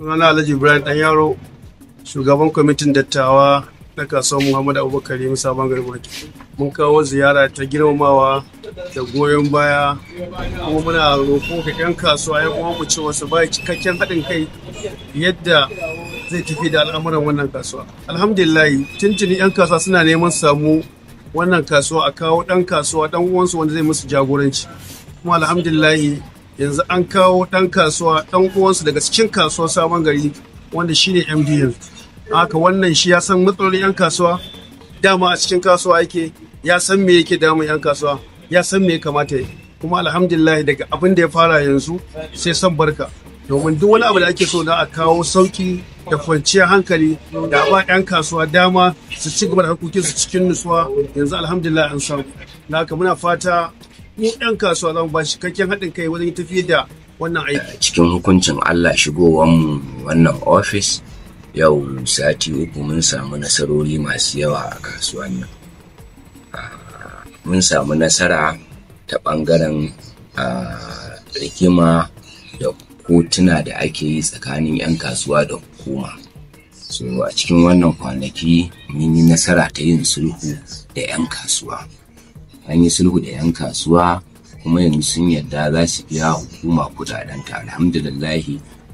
sunana alhaji ibrahim dan yaro shugaban kwamitin dattawa na kasuwar muhammad abubakar yi sabon gari mun kawo ziyara ta girmamawa da goyon baya kuma muna roƙo ka ƴan kasuwa ya kuma mu ce wasu cikakken haɗin kai yadda zai tafi da al'amuran wannan kasuwa alhamdulillah tuntuni 'yan kasuwa suna neman samu wannan kasuwa a kawo ɗan kasuwa ɗan uwansu wanda zai musu jagoranci kuma alhamdulillah yanzu an kawo ɗan kasuwa ɗan uwansu daga cikin kasuwar sabon gari wanda shine md yanzu haka wannan shi ya san matsalolin 'yan kasuwa dama a cikin kasuwa yake ya san me yake damun 'yan kasuwa ya san me ya kamata ya kuma alhamdulillah daga abin da ya fara yanzu sai san barka domin duk wani abu da ake so na a kawo sauki da kwanciyar hankali da ba 'yan kasuwa dama su ci gaba da harkokinsu cikin nutsuwa yanzu alhamdulillah an samu na haka muna fata ni ɗan kasuwa zan ba cikakken haɗin kai wajen tafiyar da wannan aiki. Cikin hukuncin Allah mu wannan ofis yau sati uku mun samu nasarori masu yawa a kasuwan nan. Ah, mun samu nasara ta ɓangaren ah, rigima da kotuna da ake yi tsakanin 'yan kasuwa da hukuma. So a cikin wannan kwanaki mun yi nasara ta yin sulhu da 'yan kasuwa. an yi sulhu da 'yan kasuwa kuma yanzu sun yarda za su biya hukuma ta alhamdulillah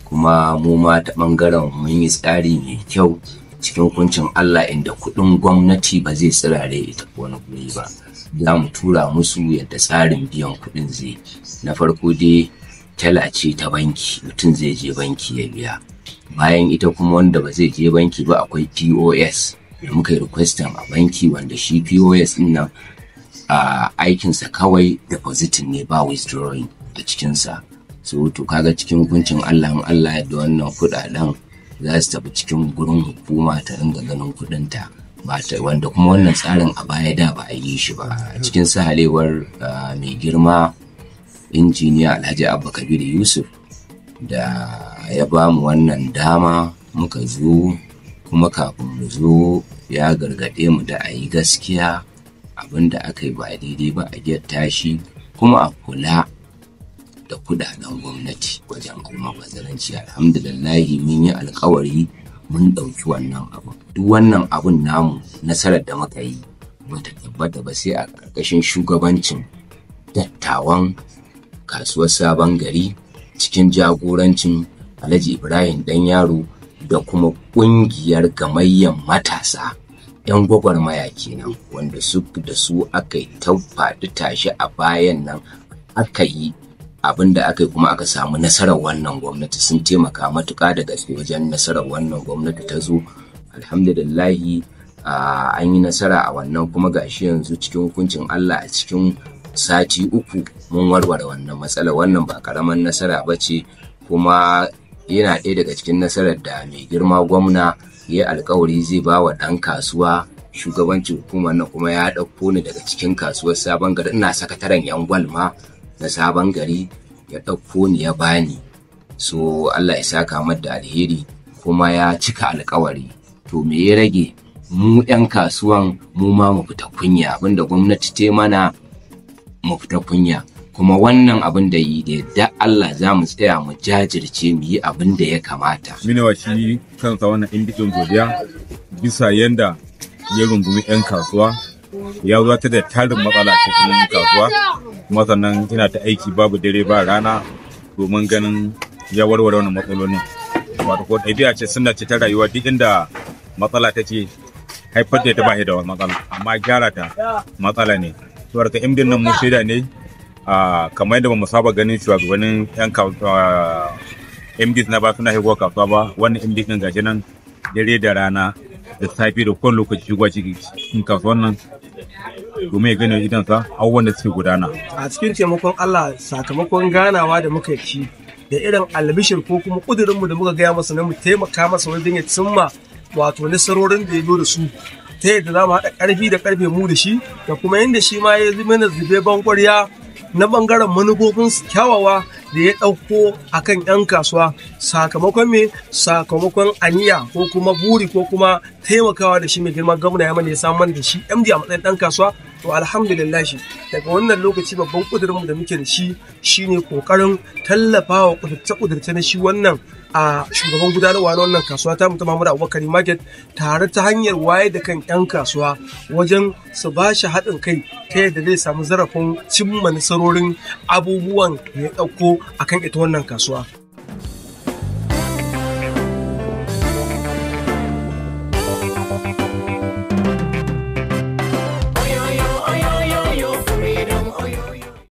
kuma mu ma ta bangaren mun yi tsari mai kyau cikin kuncin Allah inda kuɗin gwamnati ba zai tsirare ita wani guri ba za mu tura musu yadda tsarin biyan kuɗin zai na farko dai tala ce ta banki mutum zai je banki ya biya bayan ita kuma wanda ba zai je banki ba akwai pos da muka yi requestin a banki wanda shi pos din nan aikinsa kawai depositing ne ba withdrawing a cikinsa so to kaga cikin hukuncin Allah in Allah yadda wannan kudaden za su tafi cikin gurin hukuma ta ringa ganin kudinta wanda kuma wannan tsarin a baya da ba a yi shi ba a cikin sahalewar mai girma injiniya alhaji abu kabir yusuf da ya ba mu wannan dama muka zo kuma kafin mu zo ya gargade mu da a yi gaskiya abin da aka yi ba daidai ba a gyar shi kuma a kula da kudaden gwamnati wajen kuma bazaranci alhamdulillahi mun yi alkawari mun ɗauki wannan abin. duk wannan abun namu nasarar da muka yi bata tabbata ba sai a ƙarƙashin shugabancin dattawan kasuwar sabon gari cikin jagorancin alhaji ibrahim dan yaro da kuma ƙungiyar gamayyar matasa 'yan gwagwarmaya kenan wanda su da su aka yi taufaɗi tashi a bayan nan aka yi abin da aka yi kuma aka samu nasarar wannan gwamnati sun taimaka matuƙa da gaske wajen nasarar wannan gwamnati ta zo alhamdulillahi an yi nasara a wannan kuma gashi yanzu cikin hukuncin allah a cikin sati uku mun warware wannan matsala wannan ba karaman nasara ba ce kuma yana ɗaya daga cikin nasarar da mai girma gwamna ya alkawari zai ba wa ɗan kasuwa shugabancin hukumar nan kuma ya ɗauko ni daga cikin kasuwar sabon gari ina sakataren yan gwalma na sabon gari ya ɗauko ni ya bani so Allah ya saka mar da alheri kuma ya cika alkawari to me ya rage mu 'yan kasuwan mu ma mu fita kunya abinda gwamnati ta mana mu fita kunya kuma wannan abin da yi da yadda Allah za mu tsaya mu jajirce mu yi abin da ya kamata. Minewa shi kansa wannan indijin godiya bisa yadda ya rungumi 'yan kasuwa ya zata da tarin matsala ta cikin kasuwa kuma sannan yana ta aiki babu dare ba rana domin ganin ya warware wannan matsalolin. Wato ko ɗabi'a ce suna ce ta rayuwa duk inda matsala ta ce haifar da ta ba da matsala amma gyara ta matsala ne. Tuwarka imdin nan mu shaida ne Ah, kamar yadda ba mu saba ganin shugabannin yan ah, MDs na ba suna haihuwa kasuwa ba wannan MDs din gashi nan dare da rana da safe da kowane lokaci shigowa cikin kasuwan nan domin ya gani idan sa abubuwan da suke gudana. A cikin taimakon Allah sakamakon ganawa da muka ci da irin albishir ko kuma ƙudurinmu da muka gaya masa na mu taimaka masa wajen ya cimma wato nasarorin da ya zo da su ta yadda za mu haɗa ƙarfi da ƙarfe mu da shi da kuma yadda shi ma ya zama na zube ban na bangaren manufofin kyawawa da ya ɗauko a kan 'yan kasuwa sakamakon me sakamakon aniya ko kuma buri ko kuma taimakawa da shi mai girma gwamna ya mana ya samar da shi md a matsayin ɗan kasuwa to alhamdulillah daga wannan lokaci babban kudurinmu da muke da shi shine kokarin tallafa wa kudurce-kudurce na shi wannan a shugaban gudanarwa na wannan kasuwa ta mutum a Abubakar Market tare ta hanyar waye da kan 'yan kasuwa wajen su ba shi haɗin kai ta yadda zai samu zarafin cimma nasarorin abubuwan da ya ɗauko akan ita wannan kasuwa.